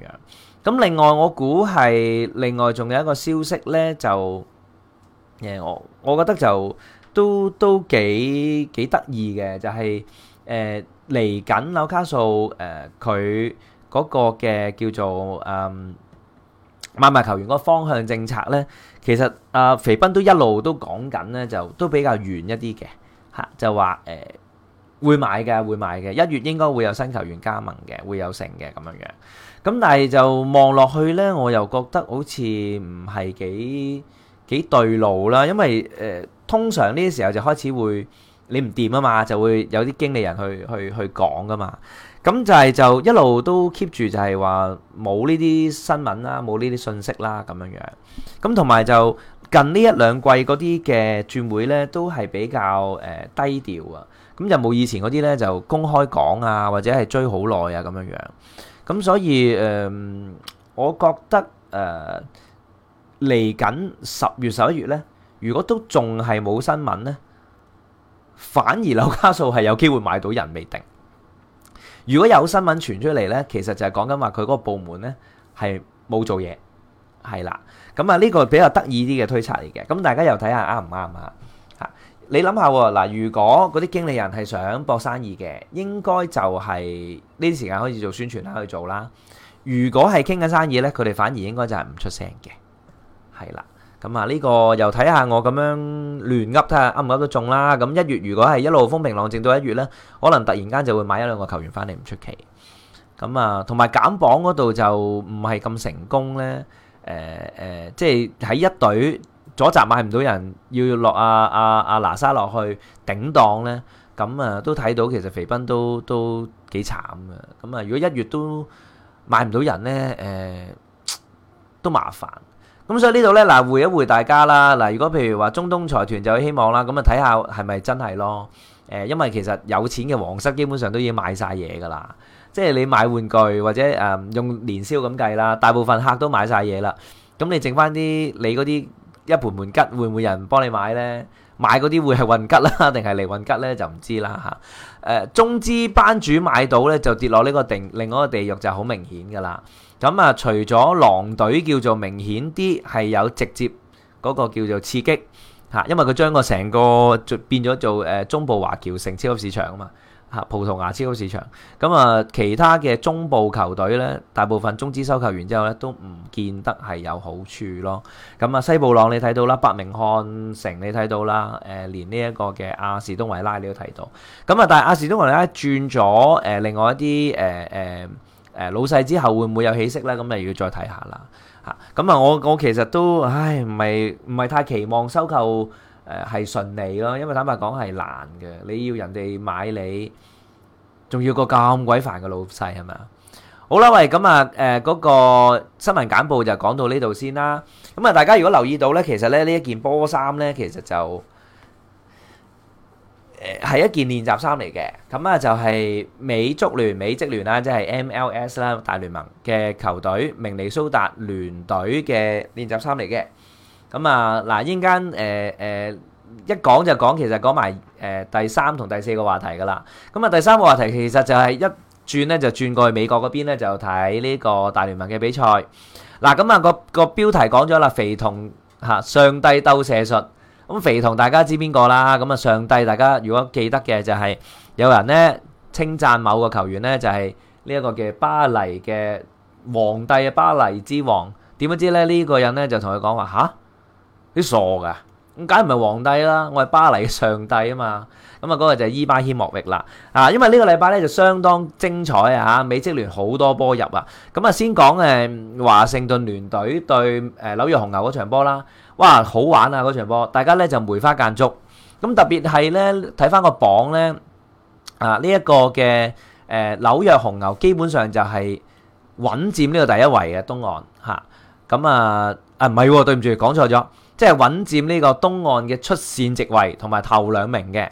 咁另外我估係另外仲有一個消息咧，就誒我我覺得就都都幾幾得意嘅，就係誒。嚟緊紐卡素誒，佢嗰個嘅叫做誒買賣球員個方向政策咧，其實阿肥斌都一路都講緊咧，就都比較遠一啲嘅嚇，就話誒會買嘅，會買嘅，一月應該會有新球員加盟嘅，會有成嘅咁樣樣。咁但係就望落去咧，我又覺得好似唔係幾幾對路啦，因為誒通常呢啲時候就開始會。你唔掂啊嘛，就會有啲經理人去去去講噶嘛。咁就係就一路都 keep 住就係話冇呢啲新聞啦，冇呢啲信息啦咁樣樣。咁同埋就近一兩呢一兩季嗰啲嘅轉會咧，都係比較誒、呃、低調啊。咁就冇以前嗰啲咧就公開講啊，或者係追好耐啊咁樣樣。咁所以誒、呃，我覺得誒嚟緊十月十一月咧，如果都仲係冇新聞咧。反而樓價數係有機會買到人未定。如果有新聞傳出嚟呢，其實就係講緊話佢嗰個部門呢係冇做嘢，係啦。咁啊，呢個比較得意啲嘅推測嚟嘅。咁大家又睇下啱唔啱啊？吓，你諗下嗱，如果嗰啲經理人係想博生意嘅，應該就係呢啲時間開始做宣傳啦，去做啦。如果係傾緊生意呢，佢哋反而應該就係唔出聲嘅，係啦。咁啊，呢個又睇下我咁樣亂噏睇下噏唔噏到中啦。咁一月如果係一路風平浪靜到一月咧，可能突然間就會買一兩個球員翻嚟唔出奇。咁啊，同埋減磅嗰度就唔係咁成功咧。誒、呃、誒、呃，即係喺一隊左閘買唔到人，要落阿阿阿拿沙落去頂檔咧。咁啊，啊啊啊都睇到其實肥賓都都幾慘啊。咁啊，如果一月都買唔到人咧，誒、呃、都麻煩。咁所以呢度咧，嗱，回一回大家啦。嗱，如果譬如話，中東財團就有希望啦。咁啊，睇下係咪真係咯？誒，因為其實有錢嘅皇室基本上都已經買曬嘢㗎啦。即係你買玩具或者誒用年宵咁計啦，大部分客都買曬嘢啦。咁你剩翻啲你嗰啲一盤盤吉，會唔會人幫你買咧？買嗰啲會係運吉啦，定係嚟運吉咧，就唔知啦嚇。誒，中資班主買到咧，就跌落呢個地，另外一個地獄就好明顯㗎啦。咁啊，除咗狼隊叫做明顯啲，係有直接嗰個叫做刺激嚇，因為佢將個成個變咗做誒中部華僑城超級市場啊嘛嚇，葡萄牙超級市場。咁啊，其他嘅中部球隊咧，大部分中資收購完之後咧，都唔見得係有好處咯。咁啊，西布朗你睇到啦，伯明翰城你睇到啦，誒連呢一個嘅亞士東維拉你都睇到。咁啊，但係亞士東維拉轉咗誒另外一啲誒誒。呃呃誒，老細之後會唔會有起色咧？咁又要再睇下啦，吓咁啊！我我其實都，唉，唔係唔係太期望收購誒係順利咯，因為坦白講係難嘅，你要人哋買你，仲要個咁鬼煩嘅老細係咪？好啦，喂，咁啊，誒、呃，嗰、那個新聞簡報就講到呢度先啦。咁啊，大家如果留意到咧，其實咧呢一件波衫咧，其實就。誒，係一件練習衫嚟嘅，咁啊就係美足聯、美職聯啦，即係 MLS 啦，大聯盟嘅球隊明尼蘇達聯隊嘅練習衫嚟嘅。咁啊，嗱，一陣間誒誒，一講就講，其實講埋誒第三同第四個話題噶啦。咁啊，第三個話題其實就係一轉咧，就轉過去美國嗰邊咧，就睇呢個大聯盟嘅比賽。嗱，咁啊個個標題講咗啦，肥童吓上帝鬥射術。咁肥童大家知邊個啦？咁啊上帝，大家如果記得嘅就係有人咧稱讚某個球員咧，就係呢一個叫巴黎嘅皇帝，巴黎之王。點不知咧，呢個人咧就同佢講話吓，你傻噶？梗唔係皇帝啦？我係巴黎上帝啊嘛！咁啊，嗰個就係伊巴謙莫域啦。啊，因為呢個禮拜咧就相當精彩啊！哈，美職聯好多波入啊。咁啊，先講誒華盛頓聯隊對誒紐約紅牛嗰場波啦。哇，好玩啊嗰場波！大家咧就梅花間竹。咁特別係咧睇翻個榜咧啊，呢一個嘅誒紐約紅牛基本上就係穩佔呢個第一位嘅東岸嚇。咁啊啊，唔係，對唔住，講錯咗，即係穩佔呢個東岸嘅出線席位同埋頭兩名嘅。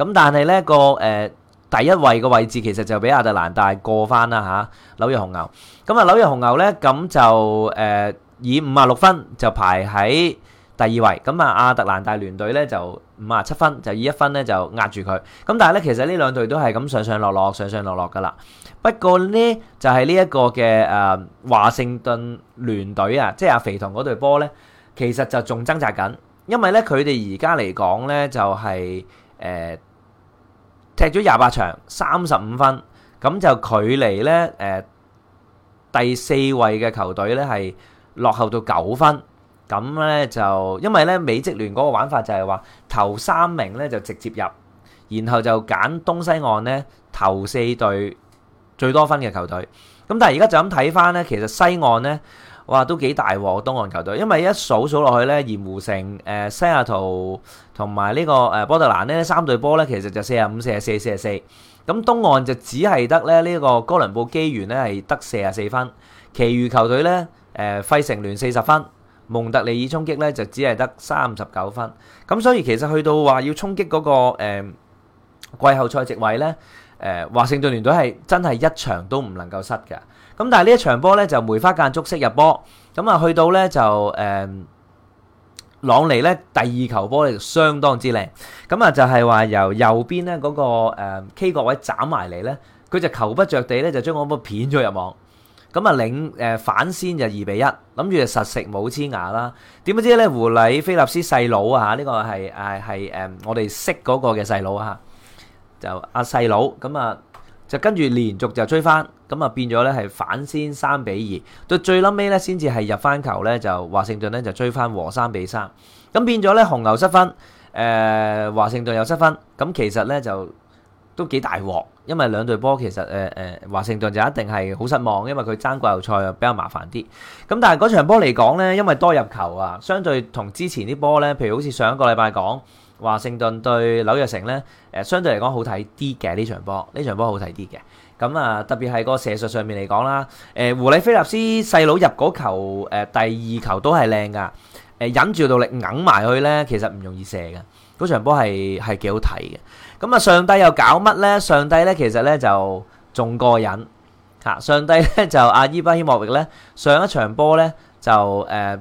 咁但係咧個，誒、呃、第一位嘅位置其實就俾亞特蘭大過翻啦，嚇，紐約紅牛。咁啊，紐約紅牛咧，咁就誒以五啊六分就排喺第二位。咁啊、嗯、亞特蘭大聯隊咧就五啊七分就以一分咧就壓住佢，咁但係咧，其實呢兩隊都係咁上上落落上上落落㗎啦，不過咧就係呢一個嘅誒、呃、華盛頓聯隊啊，即係阿肥童嗰隊波咧其實就仲掙扎緊，因為咧佢哋而家嚟講咧就係、是、誒。呃踢咗廿八場，三十五分，咁就距離咧，誒、呃、第四位嘅球隊咧係落後到九分，咁咧就因為咧美職聯嗰個玩法就係話頭三名咧就直接入，然後就揀東西岸咧頭四隊最多分嘅球隊，咁但係而家就咁睇返咧，其實西岸咧。哇，都幾大鑊、哦、東岸球隊，因為一數數落去咧，鹽湖城、誒、呃、西雅圖同埋呢個誒波特蘭呢三隊波咧，其實就四啊五、四啊四、四啊四。咁東岸就只係得咧呢個哥倫布機員咧係得四啊四分，其餘球隊咧誒、呃、費城聯四十分，蒙特利爾衝擊咧就只係得三十九分。咁所以其實去到話要衝擊嗰、那個、呃、季後賽席位咧。誒、啊、華盛頓聯隊係真係一場都唔能夠失嘅，咁但係呢一場波咧就梅花間竹式入波，咁、嗯、啊去到咧就誒、嗯、朗尼咧第二球波咧就相當之靚，咁、嗯、啊就係、是、話由右邊咧嗰、那個、嗯、K 角位斬埋嚟咧，佢就球不着地咧就將我波片咗入網，咁、嗯、啊領誒、呃、反先就二比一，諗住就實食冇黐牙啦，點不知咧狐狸菲力斯細佬啊，呢、這個係誒係誒我哋識嗰個嘅細佬啊。就阿細佬咁啊弟弟，就跟住連續就追翻，咁啊變咗咧係反先三比二，到最撚尾咧先至係入翻球咧就華盛頓咧就追翻和三比三，咁變咗咧紅牛失分，誒、呃、華盛頓又失分，咁其實咧就都幾大鑊，因為兩隊波其實誒誒、呃呃、華盛頓就一定係好失望，因為佢爭季後賽啊比較麻煩啲，咁但係嗰場波嚟講咧，因為多入球啊，相對同之前啲波咧，譬如好似上一個禮拜講。華盛頓對紐約城咧，誒相對嚟講好睇啲嘅呢場波，呢場波好睇啲嘅。咁啊，特別係個射術上面嚟講啦，誒，胡里菲力斯細佬入嗰球，誒，第二球都係靚噶，誒，忍住到力掹埋去咧，其實唔容易射噶。嗰場波係係幾好睇嘅。咁啊，上帝又搞乜咧？上帝咧，其實咧就仲過癮，吓，上帝咧就阿伊巴希莫域咧，上一場波咧就誒。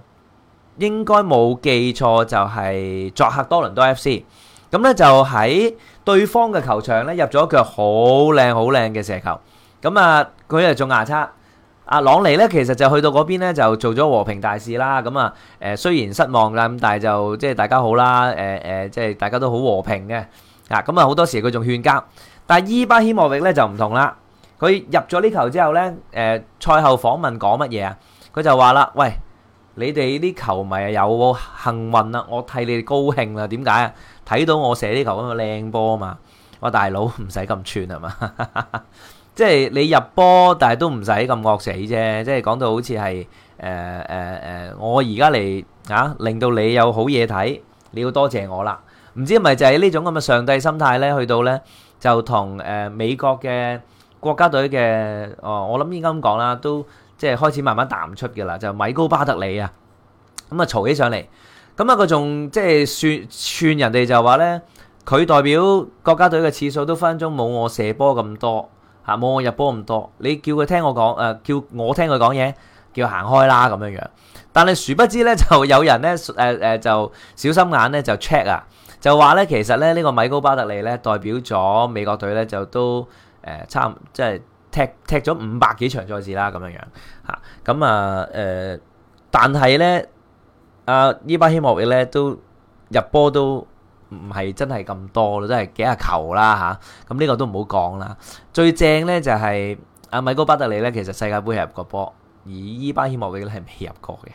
應該冇記錯，就是作客多倫多 FC。咁呢，就喺對方嘅球場呢，入咗腳好靚好靚嘅射球。咁啊，佢就仲壓差。阿朗尼呢，其實就去到嗰邊呢，就做咗和平大事啦。咁啊，雖然失望咁，但就即係大家好啦，即係大家都好和平嘅。咁啊，好多時佢仲勸加。但呢班希望伯呢，就唔同啦。佢入咗呢球之後呢，再後訪問講乜嘢呀。佢就話啦，喂。你哋啲球迷啊有幸運啦，我替你哋高興啦。點解啊？睇到我射啲球咁嘅靚波啊嘛！嘩，大佬唔使咁串係嘛？即係你入波，但係都唔使咁惡死啫。即係講到好似係誒誒誒，我而家嚟啊，令到你有好嘢睇，你要多謝我啦。唔知係咪就係呢種咁嘅上帝心態咧？去到咧就同誒美國嘅國家隊嘅哦，我諗應該咁講啦，都。即係開始慢慢淡出嘅啦，就是、米高巴特利啊，咁啊嘈起上嚟，咁啊佢仲即係串串人哋就話咧，佢代表國家隊嘅次數都分分鐘冇我射波咁多嚇，冇、啊、我入波咁多，你叫佢聽我講誒、呃，叫我聽佢講嘢，叫行開啦咁樣樣。但係殊不知咧，就有人咧誒誒就小心眼咧就 check 啊，就話咧其實咧呢、呢個米高巴特利咧代表咗美國隊咧就都誒、呃、差唔多即係。踢踢咗五百幾場賽事啦，咁樣樣嚇，咁啊誒、呃，但係咧，阿、啊、依巴希莫爾咧都入波都唔係真係咁多咯，真係幾下球啦嚇，咁、啊、呢、嗯這個都唔好講啦。最正咧就係、是、阿米高巴德利咧，其實世界盃入過波，而依巴希莫爾咧係未入過嘅。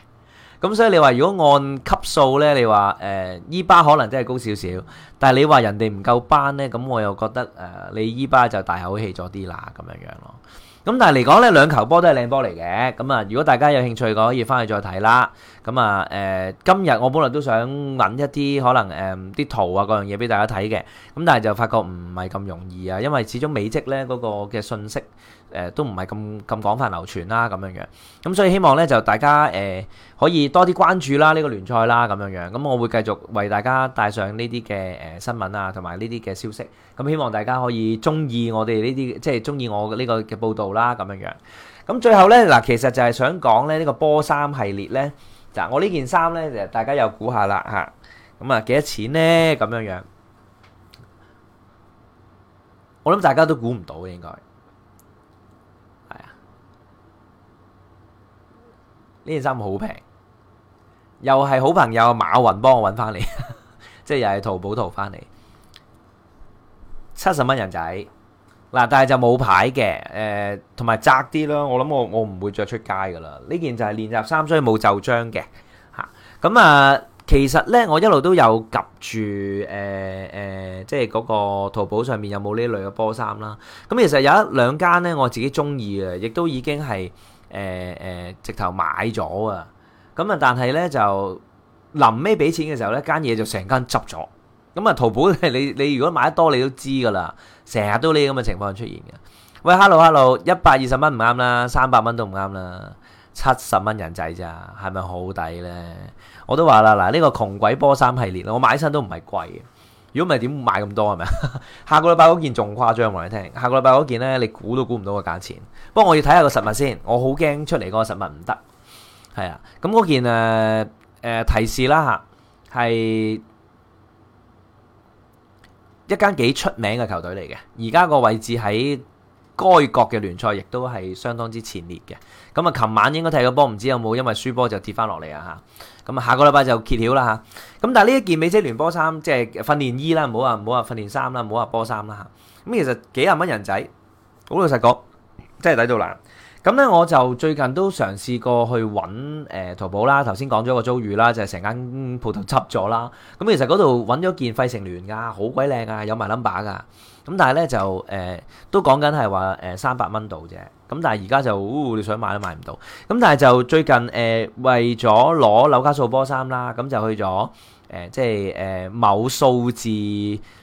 咁所以你話如果按級數咧，你話誒伊巴可能真係高少少，但係你話人哋唔夠班咧，咁我又覺得誒你伊巴就大口氣咗啲啦咁樣樣咯。咁但係嚟講咧，兩球波都係靚波嚟嘅。咁啊，如果大家有興趣嘅話，可以翻去再睇啦。咁啊誒，今日我本來都想揾一啲可能誒啲、呃、圖啊各樣嘢俾大家睇嘅，咁但係就發覺唔係咁容易啊，因為始終美職咧嗰個嘅信息。誒、呃、都唔係咁咁廣泛流傳啦，咁樣樣咁、嗯，所以希望咧就大家誒、呃、可以多啲關注啦，呢、呢個聯賽啦，咁樣樣咁、嗯，我會繼續為大家帶上呢啲嘅誒新聞啊，同埋呢啲嘅消息。咁、嗯、希望大家可以中意我哋呢啲，即係中意我呢個嘅報道啦，咁樣樣。咁、嗯、最後咧嗱，其實就係想講咧，呢、呢個波衫系列咧，嗱，我件呢件衫咧，其大家又估下啦嚇，咁啊幾多錢咧？咁樣樣，我諗大家都估唔到嘅應該。呢件衫好平，又係好朋友馬雲幫我揾翻嚟。 即係又係淘寶淘翻嚟，七十蚊人仔，嗱但係就冇牌嘅，誒同埋窄啲咯。我諗我我唔會着出街噶啦。呢件就係練習衫，所以冇袖章嘅吓。咁啊，其實呢，我一路都有及住誒誒，即係嗰個淘寶上面有冇呢類嘅波衫啦。咁、嗯、其實有一兩間咧我自己中意嘅，亦都已經係。誒誒、呃呃，直頭買咗啊！咁啊，但係咧就臨尾俾錢嘅時候咧，間嘢就成間執咗。咁啊，淘寶係你你如果買得多，你都知㗎啦。成日都呢咁嘅情況出現嘅。喂，hello hello，一百二十蚊唔啱啦，三百蚊都唔啱啦，七十蚊人仔咋，係咪好抵咧？我都話啦，嗱，呢、呢個窮鬼波衫系列，我買身都唔係貴嘅。如果唔係點買咁多係咪啊？ 下個禮拜嗰件仲誇張，我話你聽。下個禮拜嗰件咧，你估都估唔到個價錢。不過我要睇下個實物先，我好驚出嚟嗰個實物唔得。係啊，咁嗰件誒誒提示啦吓，係一間幾出名嘅球隊嚟嘅，而家個位置喺。該國嘅聯賽亦都係相當之前列嘅，咁啊，琴晚應該睇個波，唔知有冇因為輸波就跌翻落嚟啊嚇！咁啊，下個禮拜就揭曉啦嚇。咁但係呢一件美職聯波衫，即係訓練衣啦，唔好話唔好話訓練衫啦，唔好話波衫啦嚇。咁其實幾廿蚊人仔，好老實講，真係抵到爛。咁咧，我就最近都嘗試過去揾、呃、淘寶啦，頭先講咗個遭遇啦，就係、是、成間鋪頭執咗啦。咁其實嗰度揾咗件費城聯噶、啊，好鬼靚啊，有埋 number 噶。咁但係咧就誒、呃、都講緊係話誒三百蚊度啫，咁但係而家就、呃，你想買都買唔到。咁但係就最近誒、呃、為咗攞紐卡素波衫啦，咁、嗯、就去咗誒、呃、即係誒、呃、某數字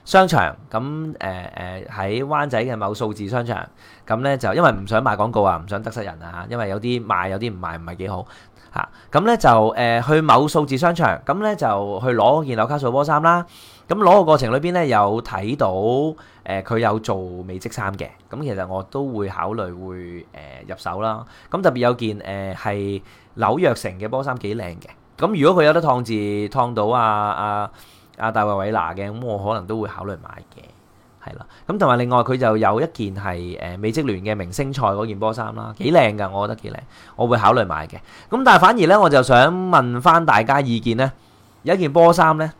商場，咁誒誒喺灣仔嘅某數字商場，咁、嗯、咧就因為唔想賣廣告啊，唔想得失人啊，因為有啲賣有啲唔賣唔係幾好嚇，咁、嗯、咧、嗯、就誒、呃、去某數字商場，咁、嗯、咧就去攞件紐卡素波衫啦。嗯。咁攞個過程裏邊咧，有睇到誒，佢有做美職衫嘅，咁其實我都會考慮會誒、呃、入手啦。咁特別有件誒係、呃、紐約城嘅波衫幾靚嘅，咁如果佢有得燙字燙到啊啊啊大衛韋拿嘅，咁我可能都會考慮買嘅，係啦。咁同埋另外佢就有一件係誒美職聯嘅明星賽嗰件波衫啦，幾靚㗎，我覺得幾靚，我會考慮買嘅。咁但係反而咧，我就想問翻大家意見咧，有一件波衫咧。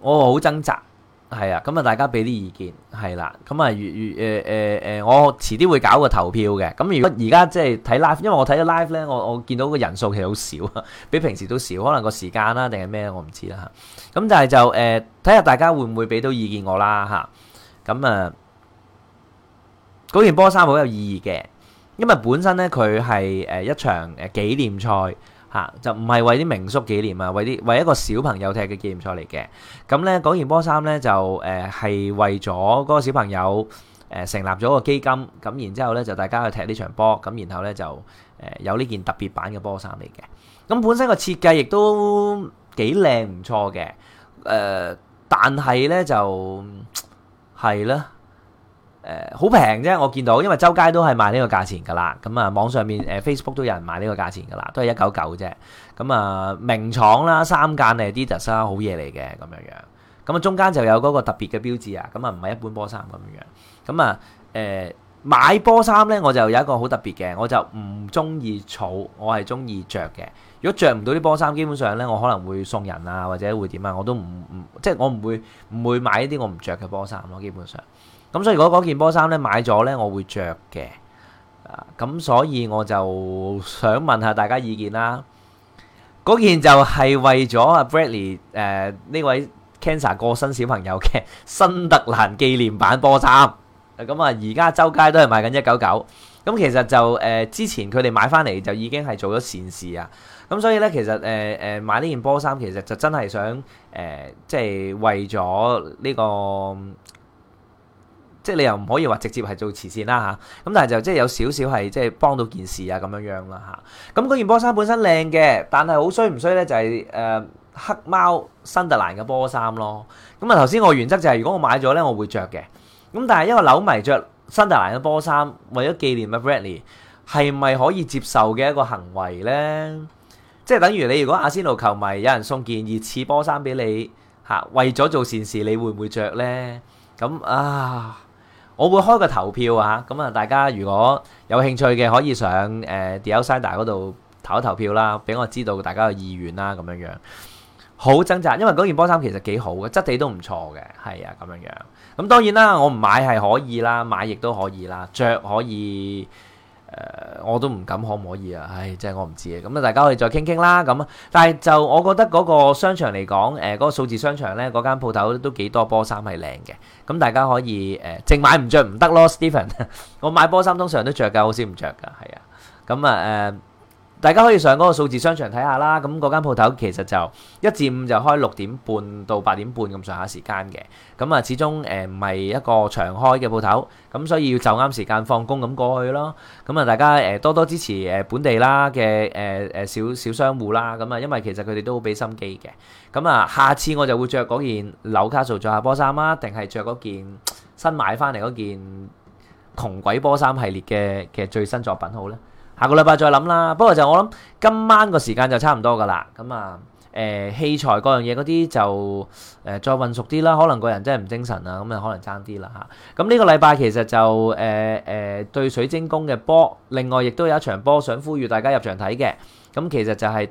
我好掙扎，係啊，咁啊大家俾啲意見，係啦，咁啊越越誒誒誒，我遲啲會搞個投票嘅，咁如果而家即係睇 live，因為我睇咗 live 咧，我我見到個人數其實好少啊，比平時都少，可能個時間啦定係咩，我唔知啦嚇。咁但係就誒睇下大家會唔會俾到意見我啦嚇，咁啊嗰件波衫好有意義嘅，因為本身咧佢係誒一場誒紀念賽。嚇，就唔係為啲名宿紀念啊，為啲為一個小朋友踢嘅紀念賽嚟嘅。咁咧嗰件波衫咧就誒係、呃、為咗嗰個小朋友誒、呃、成立咗個基金。咁然之後咧就大家去踢呢場波。咁然後咧就誒、呃、有呢件特別版嘅波衫嚟嘅。咁本身個設計亦都幾靚，唔錯嘅。誒、呃，但係咧就係啦。誒，好平啫！我見到，因為周街都係賣呢個價錢噶啦。咁、嗯、啊，網上面誒、呃、Facebook 都有人賣呢個價錢噶啦，都係一九九啫。咁、嗯、啊，名廠啦，三間嘅 Adidas 好嘢嚟嘅咁樣樣。咁啊，中間就有嗰個特別嘅標誌啊。咁、呃、啊，唔係一般波衫咁樣樣。咁啊，誒買波衫咧，我就有一個好特別嘅，我就唔中意儲，我係中意着嘅。如果着唔到啲波衫，基本上咧，我可能會送人啊，或者會點啊，我都唔唔，即係我唔會唔會買呢啲我唔着嘅波衫咯，基本上。咁所以如果嗰件波衫咧買咗咧，我會着嘅。咁、啊、所以我就想問下大家意見啦。嗰件就係為咗阿 Bradley 誒、呃、呢位 cancer 過身小朋友嘅新特蘭紀念版波衫。咁啊，而家周街都係賣緊一九九。咁其實就誒、呃、之前佢哋買翻嚟就已經係做咗善事啊。咁所以咧，其實誒誒、呃呃、買呢件波衫其實就真係想誒，即、呃、係、就是、為咗呢、這個。即係你又唔可以話直接係做慈善啦嚇，咁、啊、但係就即係有少少係即係幫到件事啊咁樣樣啦嚇。咁嗰件波衫本身靚嘅，但係好衰唔衰咧？就係、是、誒、呃、黑貓新特蘭嘅波衫咯。咁啊頭先我原則就係、是、如果我買咗咧，我會着嘅。咁但係因為扭迷着新特蘭嘅波衫，為咗紀念 Bradley，係咪可以接受嘅一個行為咧？即係等於你如果阿仙奴球迷有人送件熱刺波衫俾你嚇、啊，為咗做善事，你會唔會着咧？咁啊～我會開個投票啊！咁啊，大家如果有興趣嘅，可以上誒 The Outsider 嗰度投一投票啦，俾我知道大家嘅意願啦，咁樣樣。好掙扎，因為嗰件波衫其實幾好嘅，質地都唔錯嘅，係啊，咁樣樣。咁當然啦，我唔買係可以啦，買亦都可以啦，着可以。誒、呃，我都唔敢可唔可以啊？唉，即係我唔知啊。咁啊，大家可以再傾傾啦。咁，但係就我覺得嗰個商場嚟講，誒、呃、嗰、那個數字商場呢，嗰間鋪頭都幾多波衫係靚嘅。咁大家可以誒，淨、呃、買唔着唔得咯，Stephen。 我買波衫通常都着㗎，好少唔着㗎，係啊。咁啊，誒、呃。大家可以上嗰個數字商場睇下啦，咁嗰間鋪頭其實就一至五就開六點半到八點半咁上下時間嘅，咁啊始終誒唔係一個長開嘅鋪頭，咁所以要就啱時間放工咁過去咯。咁啊大家誒、呃、多多支持誒本地啦嘅誒誒小小商戶啦，咁啊因為其實佢哋都好俾心機嘅。咁啊下次我就會着嗰件紐卡素着下波衫啊，定係着嗰件新買翻嚟嗰件窮鬼波衫系列嘅嘅最新作品好咧？下個禮拜再諗啦。不過就我諗，今晚個時間就差唔多噶啦。咁啊，誒、呃、器材各樣嘢嗰啲就誒、呃、再運熟啲啦。可能個人真係唔精神啊，咁啊可能爭啲啦嚇。咁呢個禮拜其實就誒誒、呃呃、對水晶宮嘅波，另外亦都有一場波想呼籲大家入場睇嘅。咁其實就係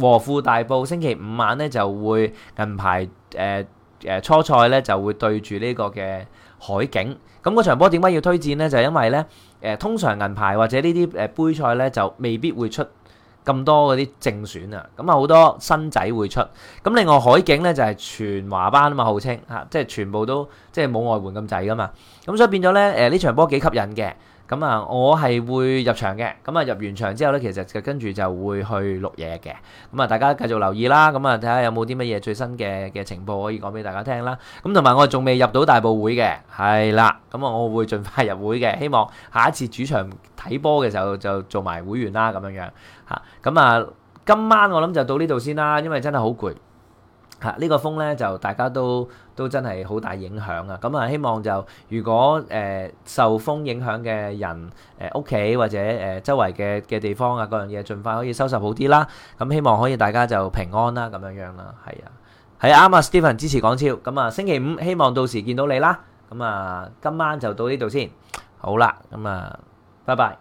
和富大埔星期五晚咧就會銀牌誒誒、呃、初賽咧就會對住呢個嘅海景。咁嗰場波點解要推薦咧？就係因為咧。誒通常銀牌或者呢啲誒杯賽咧就未必會出咁多嗰啲正選啊，咁啊好多新仔會出。咁另外海景咧就係、是、全華班啊嘛，號稱嚇，即係全部都即係冇外援咁滯㗎嘛。咁所以變咗咧誒呢場波幾吸引嘅。咁啊，我係會入場嘅。咁啊，入完場之後咧，其實就跟住就會去錄嘢嘅。咁啊，大家繼續留意啦。咁啊，睇下有冇啲乜嘢最新嘅嘅情報可以講俾大家聽啦。咁同埋我仲未入到大部會嘅，係啦。咁啊，我會盡快入會嘅。希望下一次主場睇波嘅時候就做埋會員啦，咁樣樣嚇。咁啊，今晚我諗就到呢度先啦，因為真係好攰。嚇！呢個風咧就大家都都真係好大影響啊！咁啊，希望就如果誒受風影響嘅人誒屋企或者誒周圍嘅嘅地方啊，各樣嘢盡快可以收拾好啲啦。咁希望可以大家就平安啦，咁樣樣啦，係啊！係啱啊，Stephen 支持港超咁啊，星期五希望到時見到你啦。咁啊，今晚就到呢度先，好啦，咁啊，拜拜。